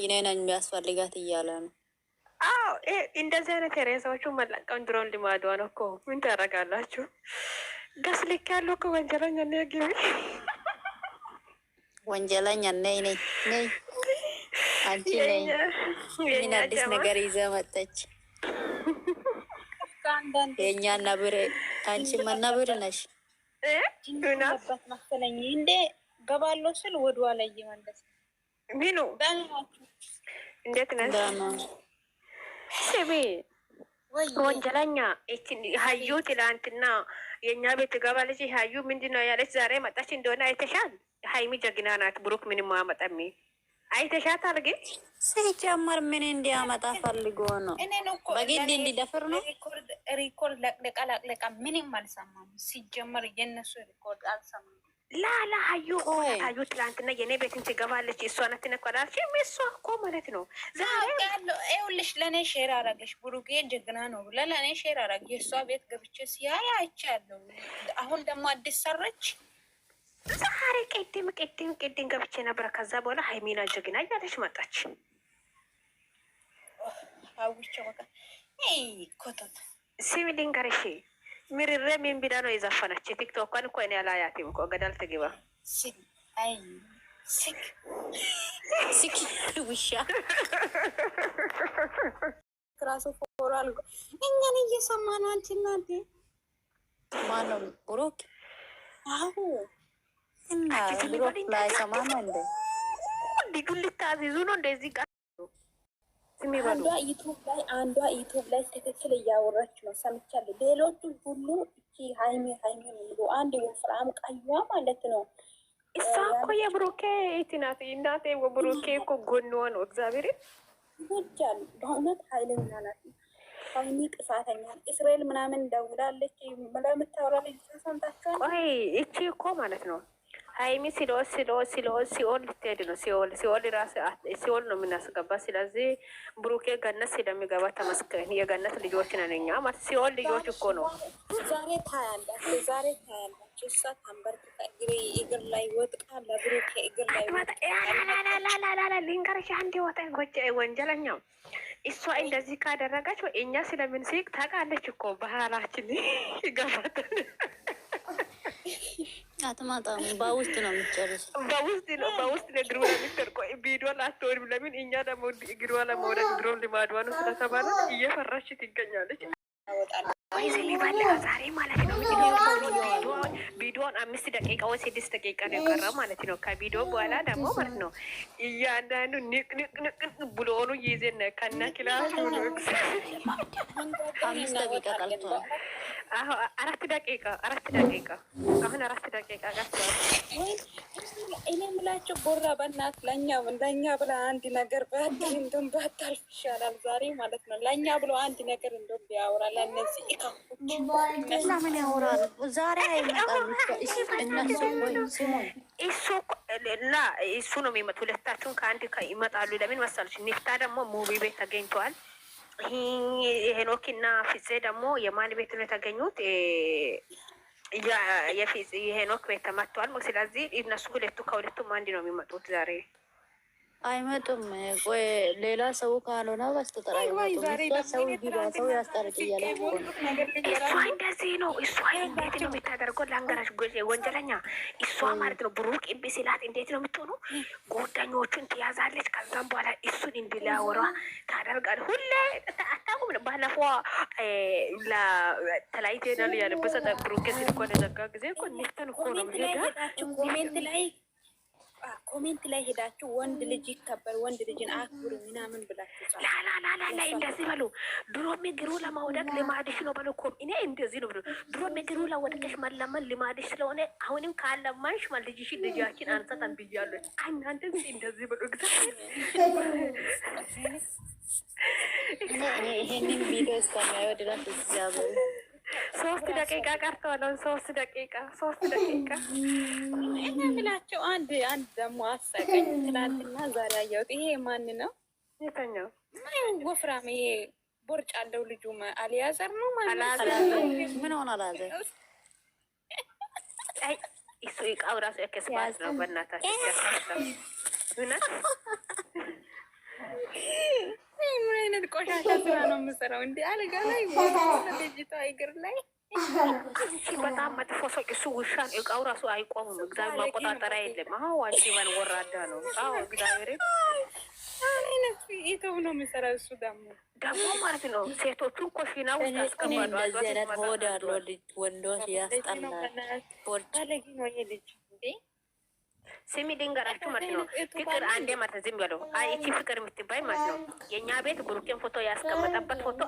ይነናኝ የሚያስፈልጋት እያለ ነው። አዎ እንደዚህ አይነት ሬሳዎቹ መለቀም ድሮን ልማዷ ነው እኮ ምን ታደርጋላችሁ? ገስ ልክ ያለው እኮ ወንጀለኛ ነ ግቢ ወንጀለኛ ነይ ነይ ነይ አንቺ ነይ። ምን አዲስ ነገር ይዘ መጠች? የእኛ ነብር አንቺ መነብር ነሽ መሰለኝ እንዴ ገባሎ ስል ወድዋ ላይ መለስ ሚኑ እንዴት ነህ? ስሚ ወንጀለኛ ሀዩ ትላንትና የእኛ ቤት ገባለች። ሀዩ ምንድን ነው ያለች? ዛሬ መጣች እንደሆነ አይተሻል። ሀይሚ ጀግና ናት። ብሩክ ምንም አያመጣም። አይተሻት ግን ሲጀመር ምን እንዲያመጣ ፈልጎ ነው? በግድ እንዲደፍር ነው። ሪኮርድ ለቅለቃ ለቅለቃ ምንም አልሰማም። ሲጀመር የነሱ ሪኮርድ አልሰማም። ላላ ሀዩ ሀዩ ትላንትና የእኔ ቤትን ትገባለች። እሷ ናት ነኳላች። እሷ እኮ ማለት ነው ይኸውልሽ፣ ለእኔ ሼር አረገሽ ብሩጌ ጀግና ነው ብለ ለእኔ ሼር አረግ። የእሷ ቤት ገብቼ ሲያይ አይቻለሁ። አሁን ደግሞ አዲስ ሰረች ዛሬ። ቅድም ቅድም ቅድም ገብቼ ነበረ። ከዛ በኋላ ሀይሚና ጀግና እያለች መጣች። አውቻ በቃ ኮተት ሲቪሊንገርሽ ሚሪሬ ሚን ቢላ ነው የዘፈነች። ቲክቶኳን እኮ እኔ አላያትም እኮ ገዳል ትግባ ውሻ ራሱ ፎራል እኛን እየሰማ ነው። አንቺ እናቴ ማነው ብሩክ? አሁ ብሩክ ላይሰማ ነው እንዴ? ሊዱን ልታዚዙ ነው እንደዚህ አንዷ ዩቱብ ላይ አንዷ ዩቱብ ላይ ትክክል እያወራች ነው ሰምቻለሁ። ሌሎቹ ሁሉ እቺ ሀይሚ ሀይሚ የሚሉ አንድ ወፍራም ቀይዋ ማለት ነው። እሷ እኮ የብሩኬ ናት እናቴ። ብሩኬ እኮ ጎንዋ ነው። እግዚአብሔር ይወዳል። በእውነት ሀይለኛ ናት ሀይሚ። ጥፋተኛ እስራኤል ምናምን ደውላለች ለምታወራ ልጅ ሰምታችኋል። ቆይ እቺ እኮ ማለት ነው ሀይሚ ሲኦል ሲኦል ሲኦል ሲኦል ልትሄድ ነው። ሲኦል ሲኦል ራስ ሲኦል ነው የምናስገባ። ስለዚህ ብሩኬ ገነት ስለሚገባ ተመስገን። የገነት ልጆች ነን እኛ ማለት ሲኦል ልጆች እኮ ነው። ዛሬ ታያላችሁ፣ ዛሬ ታያላችሁ። እሷ ታንበርክካ እግር ላይ ወጥቃ ለብሩኬ እግር ላይ ወጥቃ አንድ ወጣ ጎጅ ወንጀለኛው እሷ እንደዚህ ካደረጋቸው እኛ ስለምንስቅ ታውቃለች እኮ ባህላችን ይገባታል። አትማጣም። በውስጥ ነው የሚጨርስ። በውስጥ ነው በውስጥ ነው እግሯ የሚሰርቀው ቢዷን አትወድም። ለምን እኛ ደግሞ እግሯ ለመውደድ ድሮም ልማዷ ነው ስለተባለ እየፈራች ትገኛለች። ዛሬ ማለት ነው። ቪዲዮን አምስት ደቂቃ ወይ ስድስት ደቂቃ ነው የቀረው ማለት ነው። ከቪዲዮ በኋላ ደግሞ ማለት ነው እያንዳንዱ ንቅንቅንቅ ብሎኑ ይዘን ከነ ክላሱ አራት ደቂቃ አራት ደቂቃ አሁን አራት ደቂቃ ቀርተዋል። እኔ የምላቸው ጎራ በእናት ለእኛ ለእኛ ብለ አንድ ነገር በእንዱም ባታልፍ ይሻላል። ዛሬ ማለት ነው ለእኛ ብሎ አንድ ነገር እንዶ ያወራል ለእነዚህ ለምን ያወራሉ? ዛሬ አይመጣም። እሱ እና እሱ ነው የሚመጡ። ሁለታችሁን ከአንድ ይመጣሉ። ለምን መሰለች? ኒፍታ ደግሞ ሙቢ ቤት ተገኝተዋል። ሄኖክ እና ፊዜ ደግሞ የማን ቤት ነው የተገኙት? የሄኖክ ቤት ተመትተዋል። ስለዚህ እነሱ ሁለቱ ከሁለቱም አንድ ነው የሚመጡት ዛሬ አይመጡም። ቆይ ሌላ ሰው ካልሆነ እሷ እንደዚህ ነው። እሷ እንዴት ነው የምታደርገው? ለአንገራሽ ወንጀለኛ እሷ ማለት ነው። ብሩክ እምቢ ሲላት እንዴት ነው የምትሆኑ? ጓደኞቹን ትያዛለች። ከዛም በኋላ እሱን እንዲላወራ ታደርጋል። ሁሌ አታቁም። ባለፈ ተለያይተናል ያለበሰ ብሩክ ሲልኮ ዘጋ ጊዜ ኮሜንት ላይ ኮሜንት ላይ ሄዳችሁ ወንድ ልጅ ይከበር፣ ወንድ ልጅን አክብሩ ምናምን ብላችሁ ላላላላ እንደዚህ በሉ። ድሮ ምግሩ ለማውደቅ ልማድሽ ነው በሉ። እኔ እንደዚህ ነው ድሮ ምግሩ ለወደቀሽ መለመን ልማድሽ ስለሆነ አሁንም ካለማንሽ ልጅሽ ልጃችን አንሰጠን ብያለች። አናንተ እንደዚህ ብሎ እግዚአብሔር ይሄንን ቪዲዮ እስከሚያየው ድረስ እግዚአብሔር ሶስት ደቂቃ ቀርተዋለን። ሶስት ደቂቃ ሶስት ደቂቃ እና ምላቸው አንድ አንድ ደግሞ አሳቀኝ። ትናንትና ዛሬ አየሁት። ይሄ ማን ነው? የተኛው ወፍራም ይሄ ቦርጭ አለው ልጁ አልያዘር ነው ማለት ነው። ምን ሆነ አልያዘር? እሱ ይቃው ራሱ ከስባት ነው። በእናታችን እውነት አይነት ቆሻሻ ስራ ነው የምሰራው? እንዲ አልጋ ላይ ልጅቷ እግር ላይ በጣም መጥፎ ሰው እሱ። ውሻን እቃው ራሱ አይቆምም። እግዚአብሔር መቆጣጠሪያ የለም። አዎ አንቺ ማን ወራዳ ነው? አዎ እግዚአብሔር ነው የሚሰራ እሱ ደግሞ ደግሞ ማለት ነው። ሴቶቹን ኮሽና ውስጥ ልጅ ወንዶች ያስጠላል። ስሚ ልንገራችሁ ማለት ነው። ፍቅር አንዴ ማለት ዝም በለው። ይቺ ፍቅር የምትባይ ማለት ነው የእኛ ቤት ብሩኬን ፎቶ ያስቀመጠበት ፎቶ